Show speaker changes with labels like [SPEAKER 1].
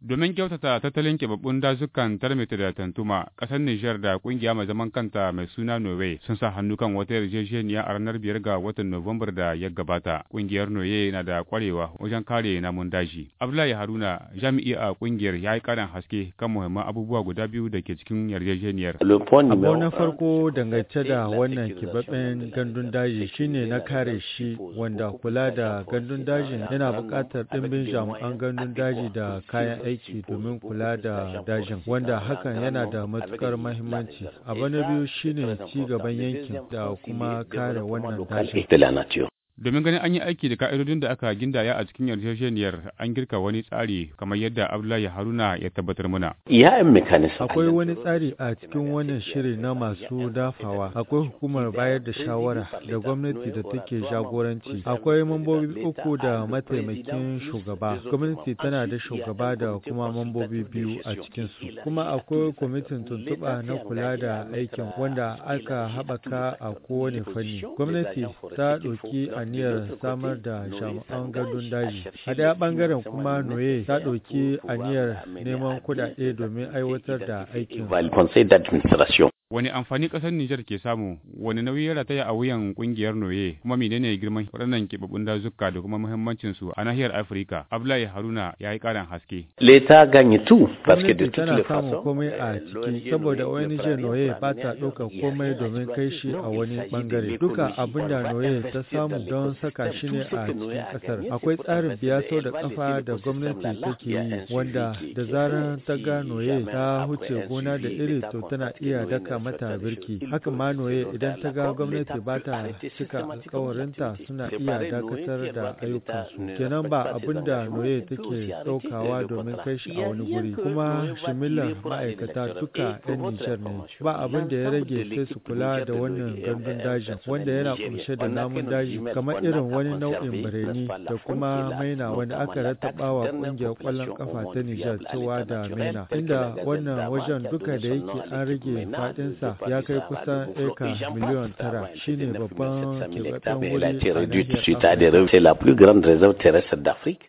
[SPEAKER 1] domin kyautata tattalin kebabbun dazukan tarmita da tantuma ƙasar Nijar da ƙungiya mai zaman kanta mai suna Norway sun sa hannu kan wata yarjejeniya a ranar biyar ga watan Nuwambar da ya gabata. kungiyar noye na da ƙwarewa wajen kare namun daji. Abdullahi Haruna jami'i a ƙungiyar ya yi ƙarin haske kan muhimman abubuwa guda biyu da ke cikin yarjejeniyar. Abu na
[SPEAKER 2] farko dangance da wannan kibabben gandun daji shine na kare shi wanda kula da gandun dajin yana bukatar ɗimbin jami'an gandun daji da kayan aiki domin kula da dajin wanda hakan yana da matukar mahimmanci abu na biyu shine ci gaban yankin da kuma kare wannan dajin
[SPEAKER 1] Domin ganin an yi aiki da ka'idodin da aka gindaya a cikin yarjejeniyar an girka wani tsari kamar yadda Abdullahi Haruna ya tabbatar mana.
[SPEAKER 2] Akwai wani tsari a cikin wannan shiri na masu dafawa. Akwai hukumar bayar da shawara da gwamnati da take jagoranci. Akwai mambobi uku da mataimakin shugaba. Gwamnati tana da shugaba da kuma mambobi biyu a cikinsu. Kuma akwai kwamitin tuntuɓa na kula da aikin wanda aka haɓaka a kowane fanni. Gwamnati ta ɗauki a aniyar samar da jami'an gadon daji. A daya bangaren kuma Noye ta ɗauki aniyar neman kudade domin aiwatar da aikin.
[SPEAKER 1] Wani amfani ƙasar Nijar ke samu, wani nauyi ya rataya a wuyan ƙungiyar Noye, kuma menene girman waɗannan keɓaɓɓun dazuka da kuma muhimmancin a nahiyar Afirka? Abdullahi Haruna ya yi ƙarin haske. Leta ganye tu, de da tana samun
[SPEAKER 2] komai a euh, ciki saboda wani ONG Noye ba ta ɗauka komai domin kai shi a wani ɓangare. Duka abin da Noye ta samu don saka shi ne a cikin ƙasar. Akwai tsarin biyaso da ƙafa da gwamnati take yi wanda da zarar ta ga Noye ta huce gona da iri to tana iya daka mata birki haka ma noye idan ta ga gwamnati ba ta cika alkawarinta suna iya dakatar da ayyukansu kenan ba abin da noye take saukawa domin kai shi a wani guri kuma shimillar ma'aikata duka 'yan nijar ne ba abin da ya rage sai su kula da wannan gandun daji. wanda yana kunshe da namun daji kamar irin wani nau'in birni da kuma maina wani aka rattabawa wa kungiyar kwallon kafa ta nijar cewa da maina inda wannan wajen duka da yake an rage faɗin
[SPEAKER 1] C'est la plus grande eka terrestre d'Afrique.